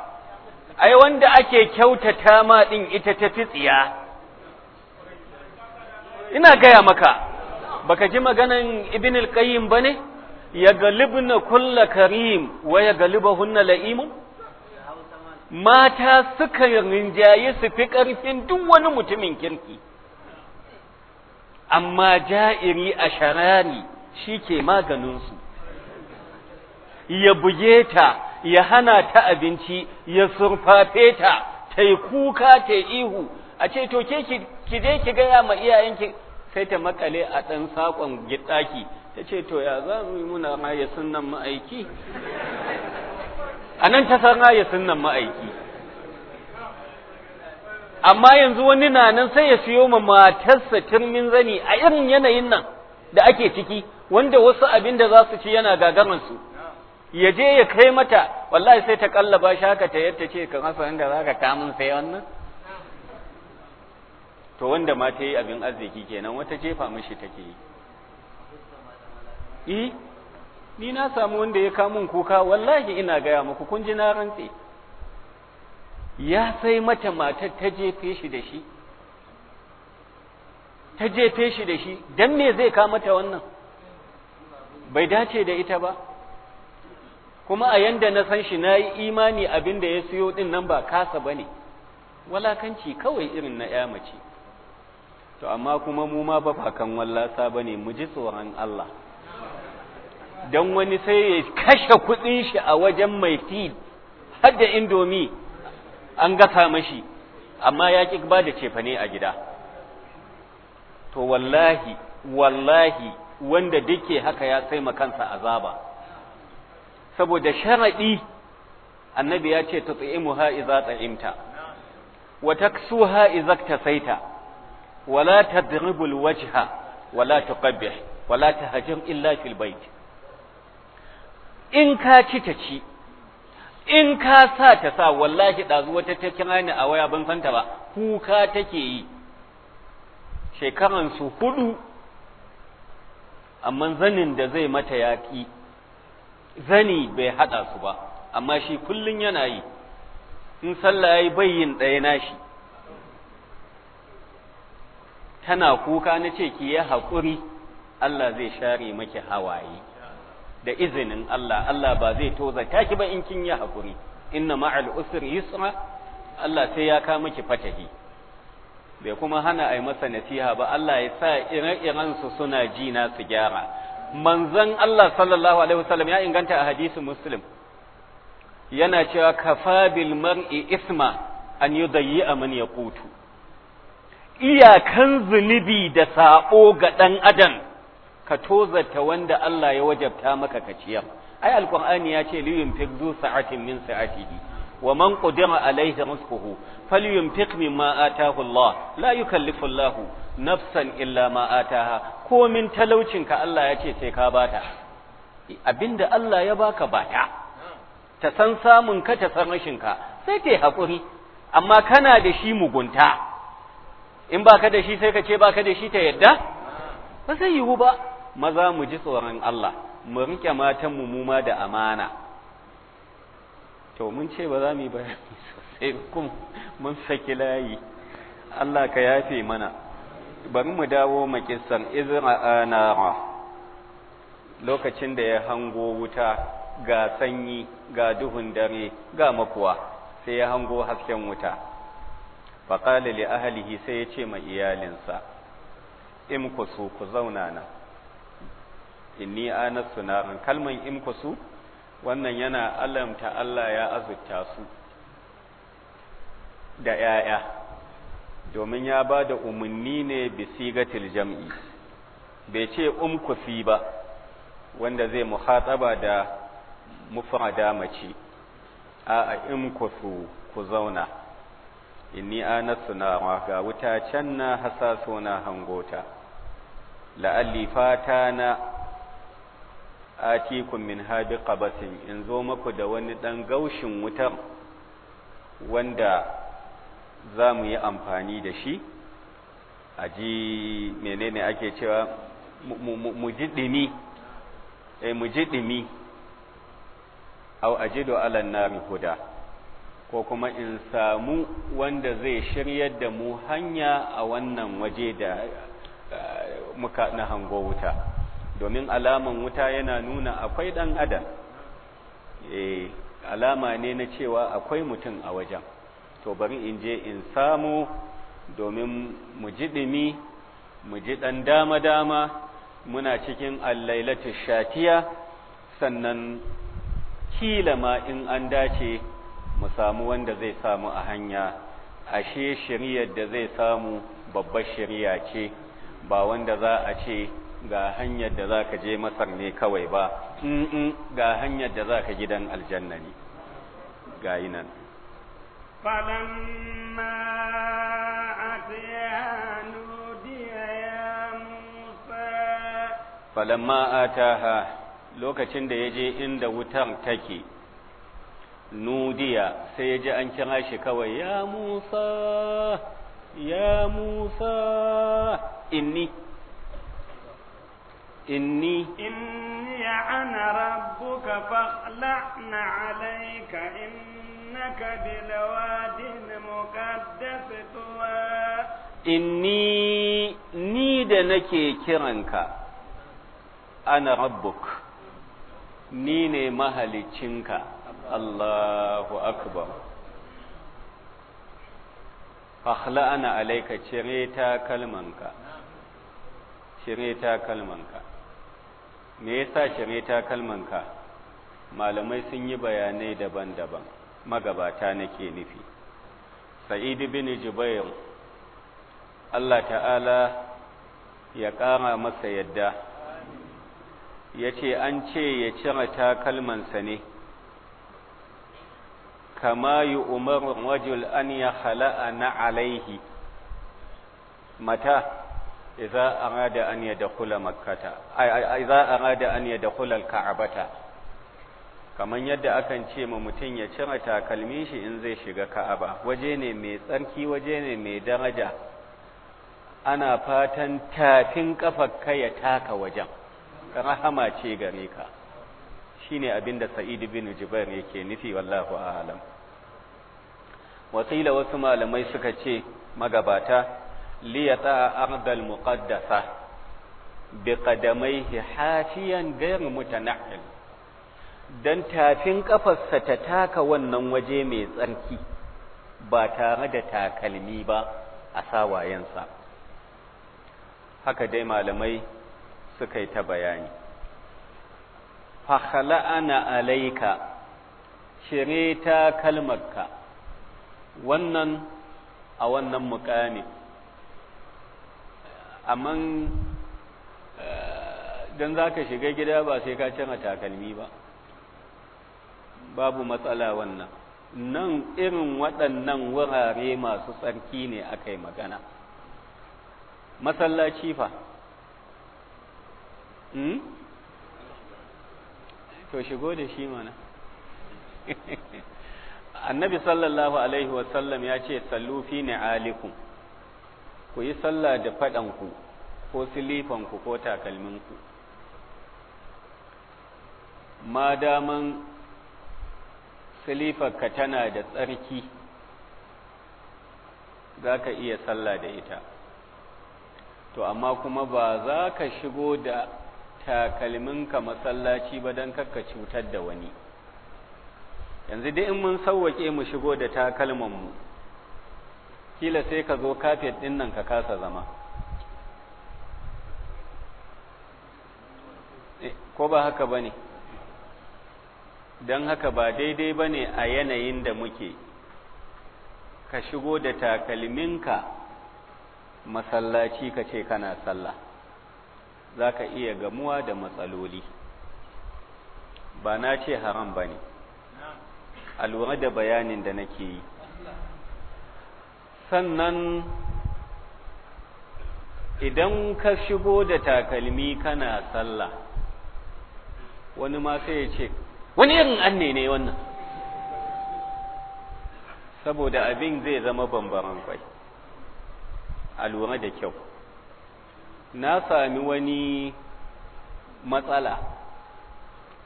ai wanda ake kyautata ma ɗin ita ta fi tsiya ina gaya maka baka ji maganan ibn al-qayyim bane ya galibna kulla karim wa ya galibahunna la'imun mata suka rinjaye su fi ƙarfin duk wani mutumin kirki amma ja'iri a sharari shi ke maganinsu ya buge ta ya hana ta abinci ya surfafe ta ta kuka ta ihu a ce to ke ki je ki gaya ma iyayenki sai ta makale a ɗan saƙon ɗaki ta ce to ya za mu yi muna sunan ma'aiki a nan ta san maye sunan ma'aiki amma yanzu wani na nan sai ya siyo ma matarsa turmin zani a irin yanayin nan da ake ciki wanda wasu abin da za su ci yana gagarin su ya je ya kai mata wallahi sai ta kallaba shi haka ta yadda ce ka hasa inda za ka kamun sai wannan to wanda ma ta yi abin arziki kenan wata jefa mishi take yi eh ni na samu wanda ya kamun min kuka wallahi ina gaya muku kun ji na rantse ya sai mata matar ta jefe shi da shi ta jefe shi da shi dan me zai ka mata wannan bai dace da ita ba kuma a yanda na san shi na yi imani abin da ya siyo din nan ba kasa ba ne walakanci kawai irin na ya mace to amma kuma mu ma ba fakan wallasa ba ne mu ji tsoron Allah don wani sai ya kashe kudin shi a wajen mai fil har da indomi an gasa mashi amma ya bada ba da cefane a gida to wallahi wallahi wanda duke haka ya sai kansa azaba saboda sharaɗi annabi ya ce ha idza ta'imta wa taksuha idza tasaita wala tadribul wajha wala tuqabbih wala tahjum illa fil in ka ci ta ci in ka sa ta sa wallahi ɗazu wata ta kira ni a waya ban santa ba kuka take yi shekaran su hudu amma zanin da zai mata yaƙi zani bai haɗa su ba amma shi kullum yana yi in sallah ya yi bayyin ɗaya shi tana kuka na ce ki ya haƙuri Allah zai share maki hawaye da izinin Allah Allah ba zai toza ki ba in kin yi hakuri inna ma'al usri yusra Allah sai ya ka miki fatahi bai kuma hana ai masa nasiha ba Allah ya sa ire-iren su suna ji su gyara manzon Allah sallallahu alaihi wasallam ya inganta a hadisi muslim yana cewa kafa bil mar'i isma an yudayyi man yaqutu iyakan zunubi da sabo ga dan adam ka tozarta wanda Allah ya wajabta maka ka ciyar ai alqur'ani ya ce liyunfiq zu sa'atin min sa'atihi wa man qudira alayhi rizquhu falyunfiq mimma ataahu Allah la yukallifu Allah nafsan illa ma ataha ko min talaucinka Allah ya ce sai ka bata abinda Allah ya baka bata ta san samun ka ta san rashin ka sai kai hakuri amma kana da shi mugunta in baka da shi sai ka ce baka da shi ta yadda ba sai yiwu ba maza mu ji tsoron Allah mu rike matanmu mu ma da amana to mun ce ba za mu yi bayani sosai kuma mun saki layi Allah ka yafe mana bari mu dawo makissan izra nara lokacin da ya hango wuta ga sanyi ga duhun dare ga makuwa sai ya hango hasken wuta faƙali li ahalihi sai ya ce ma iyalinsa in ku su ku zauna nan inni anastu sunaran kalman imkusu wannan yana alamta Allah ya azurta su da ‘ya'ya domin ya ba da umarni ne bisigatil jam'i bai ce umkusi ba wanda zai muhatsaba da mufada mace a imkusu ku zauna inni anastu nawa ga wuta can na hasasona hangota la'alli fata na atikum min habi qabatin in zo muku da wani ɗan gaushin wutar wanda za mu yi amfani da shi a ji menene ake cewa mu ji dimi eh mu ji aw ajidu ala nari huda ko kuma in samu wanda zai shiryar da mu hanya a wannan waje da eh, muka na hango wuta domin alaman wuta yana nuna akwai ɗan adam e, alama ne na cewa akwai mutum a wajen to bari in je in samu domin mu ji dimi, mu ji ɗan dama-dama muna cikin allailatu shatiya sannan kila ma in an dace mu samu wanda zai samu a hanya ashe shiriyar da zai samu babbar shiriya ce ba wanda za a ce ga hanyar da za ka je masar ne kawai ba ga hanyar da za ka gidan aljanna ne ga yi nan فلما أتيها نودي a ta lokacin da ya je inda wutan take nudiya sai ya ji an kira shi kawai ya musa ya musa inni إني إني أنا ربك فاخلعن عليك إنك بالواد المقدس طوى إني ني da nake kiranka ana rabbuk ni ne ka, Allahu akbar fahla'ana alaika cire ta kalmanka cire ta kalmanka me ya yasa shirye takalmanka malamai sun yi bayanai daban-daban magabata nake nufi Sa'idu bin jubair Allah ta'ala ya ƙara masa yadda ya ce an ce ya cire takalmansa ne kama yi umarin rajul an ya hala'a na alaihi mata idza arada an yadkhula makkata idza arada an yadkhula alka'bata kaman yadda akan ce ma mutum ya cire takalmin shi in zai shiga ka'aba waje ne mai tsarki waje ne mai daraja ana fatan tafin kafarka ya taka wajen rahama ce gare ka shine abinda sa'id bin jubair yake nufi wallahu a'lam Wasila wasu malamai suka ce magabata liyata ardal muqaddasa bi qadamaihi hafiyan ghayr mutana'il dan tafin kafarsa ta taka wannan waje mai tsarki ba tare da takalmi ba a sawayensa haka dai malamai suka yi ta bayani fa khala'ana alayka shirita kalmarka wannan a wannan muƙamin amma eh, don za ka shiga gida ba sai ka cin a takalmi ba babu matsala wannan nan irin waɗannan wurare masu tsarki ne aka yi magana masallaci fa hmm? to shigo da shi mana annabi sallallahu alaihi wasallam ya ce sallu fi ni'alikum ku yi sallah da faɗanku ko silifanku ko takalminku ma daman silifarka tana da tsarki za ka iya sallah da ita to amma kuma ba za ka shigo da takalminka masallaci ba don kakka cutar da wani yanzu dai in mun sauwake mu shigo da takalmanmu kila sai ka zo kafet ɗin nan ka kasa zama eh, ko ba haka ba ne don haka ba daidai ba ne a yanayin da muke ka shigo da takalminka masallaci ka ce kana sallah za ka iya gamuwa da matsaloli ba na ce haram ba ne a lura da bayanin da nake yi sannan idan ka shigo da takalmi kana sallah wani ma sai ya ce wani irin anne ne wannan saboda abin zai zama bambaran kwai a lura da kyau na sami wani matsala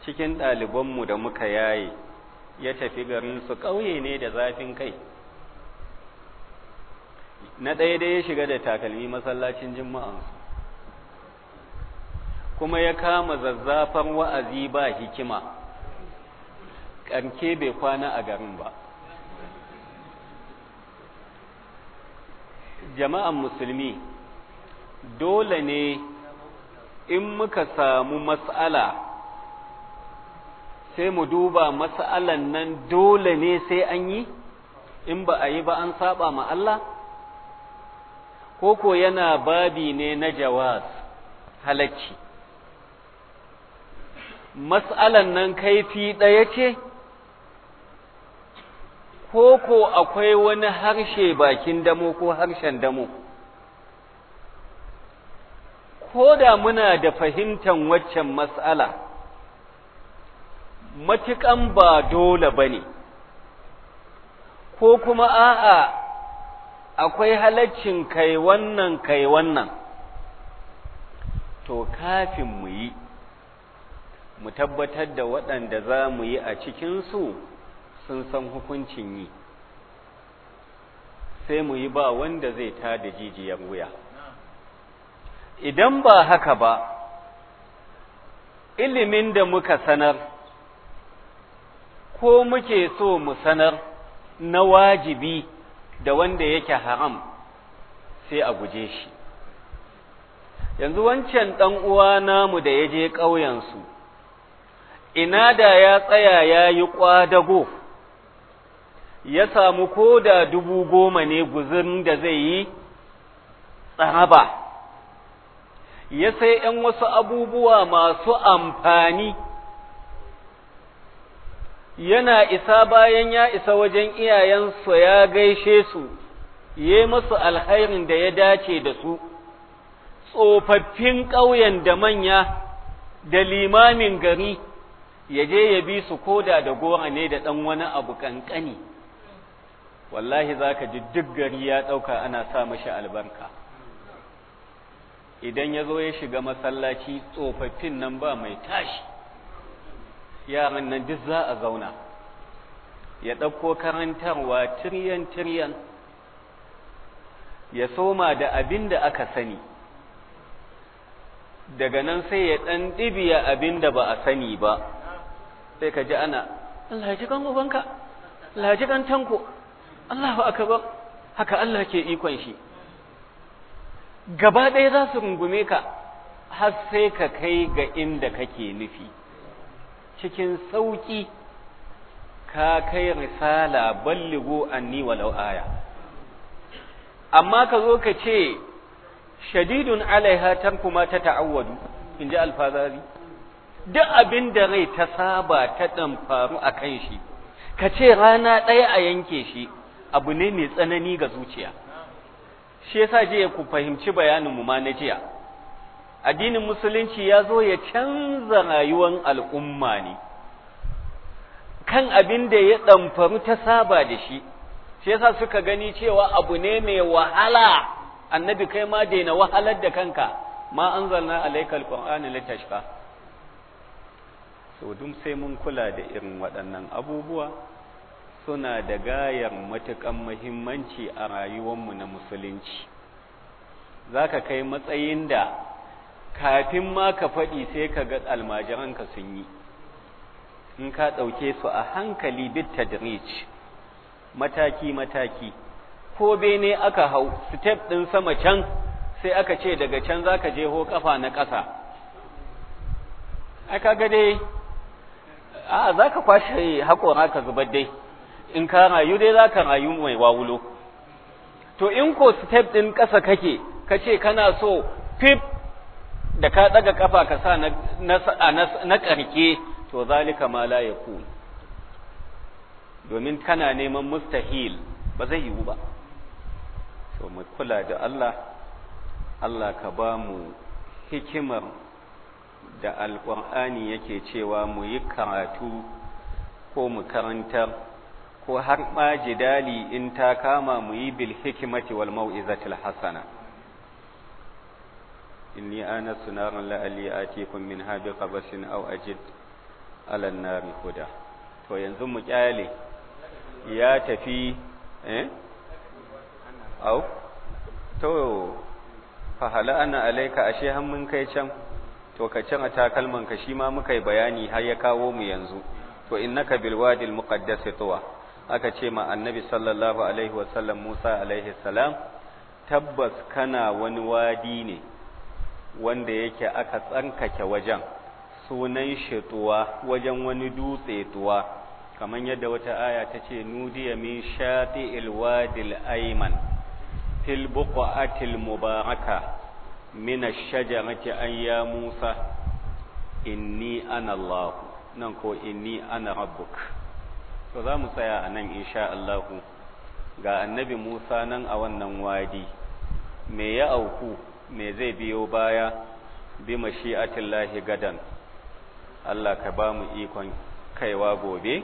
cikin ɗalibanmu da muka yaye ya tafi garin su ƙauye ne da zafin kai na ɗaya dai ya shiga da takalmi masallacin jima’a kuma ya kama zazzafan wa'azi ba hikima ƙarke bai kwana a garin ba jama'an musulmi dole ne in muka samu matsala sai mu duba matsalan nan dole ne sai an yi in ba a yi ba an saba ma Allah koko yana babi ne na jawaz halacci mas'alan nan kaifi ɗaya ce koko akwai wani harshe bakin damo ko harshen damo ko da muna da fahimtan waccan mas'ala matuƙan ba dole ba ne ko kuma a'a akwai halaccin kai wannan kai wannan to kafin mu yi mu tabbatar da waɗanda za mu yi a cikinsu sun san hukuncin yi sai mu yi ba wanda zai ta da jijiyar wuya idan ba haka ba ilimin da muka sanar ko muke so mu sanar na wajibi da wanda yake haram sai a guje shi yanzu wancan dan uwa namu da ya je ƙauyensu ina da ya tsaya ya yi ƙwadago ya samu koda dubu goma ne guzun da zai yi tsaraba ya sai ‘yan wasu abubuwa masu amfani’ yana isa bayan ya isa wajen iyayensa ya gaishe su yi masu alhairin da ya dace da su tsofaffin ƙauyen da manya da limamin gari ya je ya bi su koda da gora ne da ɗan wani abu ƙanƙani wallahi za ka ji duk gari ya ɗauka ana sa mashi albarka idan ya zo ya shiga masallaci tsofaffin nan ba mai tashi yaran nan duk za a zauna ya ɗauko karantarwa tiryan-tiryan ya soma da abin da aka sani daga nan sai ya ɗan ɗibiya abin da ba a sani ba sai ka ji ana Allah ji kan ubanka Allah ji kan tanko Allahu akbar haka Allah ke ikon shi gaba ɗaya za su rungume ka har sai ka kai ga inda kake nufi cikin sauƙi ka kai risala balligo anni walau aya amma ka zo ka ce shadidun alaiha kuma ta ta'awwadu ji alfazari duk abin da rai ta saba ta dan faru akan shi ka ce rana ɗaya a yanke shi abu ne mai tsanani ga zuciya shi yasa je ku fahimci bayanin mu ma na jiya addinin musulunci ya zo ya canza rayuwar al'umma ne kan abin da ya ɗamfaru ta saba da shi shi yasa suka gani cewa abu ne mai wahala annabi kai ma daina wahalar da kanka ma an zanna alaikal qur'ana litashqa so dum sai mun kula da irin waɗannan abubuwa suna da gayar matukan muhimmanci a rayuwarmu na musulunci zaka kai matsayin da kafin ma ka faɗi sai ka ga almajiranka sun yi in ka ɗauke su a hankali bit tadrij mataki mataki ko bene aka hau step ɗin sama can sai aka ce daga can zaka je ho kafa na ƙasa aka ga dai a zaka kwashe haƙora ka zubar dai in ka rayu dai zaka rayu mai wawulo to in ko step ɗin ƙasa kake kace kana so fif da ka daga kafa ka sa na karke to zalika ma la yakun domin kana neman mustahil ba zai yiwu ba to mu kula da Allah Allah ka ba mu hikimar da alƙur'ani yake cewa mu yi karatu ko mu karanta ko har ma jidali in ta kama mu yi bil hikimati wal mau'izatil hasana إني آنست نارا لعلي آتيكم منها بقبس أو أجد على النار هدى to yanzu mu kyale ya tafi eh au to fa hala ana alaika ashe han mun kai can to ka can a takalman ka shi ma muka yi bayani har ya kawo mu yanzu to innaka bil wadil muqaddas tuwa aka ce ma annabi sallallahu alaihi wa sallam, Musa alaihi salam tabbas kana wani wadi ne wanda yake aka tsankake wajen sunan shi wajen wani dutse tuwa kamar yadda wata aya ta ce nudiya min shati'il wadil ayman fil buqatil mubaraka mina ash-shajarati an ya musa inni ana allah nan ko inni ana rabbuk to za mu tsaya a nan insha allahu, ga annabi Musa nan a wannan wadi me ya auku me zai biyo baya bi mashi'atin lahi gadan Allah ka ba mu ikon kaiwa gobe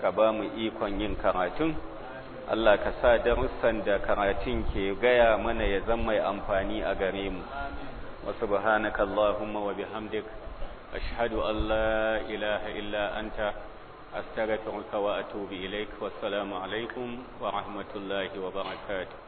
ka ba mu ikon yin karatun Allah ka sa darussan da karatun ke gaya mana ya zama mai amfani a gare mu wa subhanaka allahumma wa bihamdik ashhadu an la ilaha illa anta astaghfiruka wa atubu ilaik wassalamu alaikum wa rahmatullahi wa barakatuh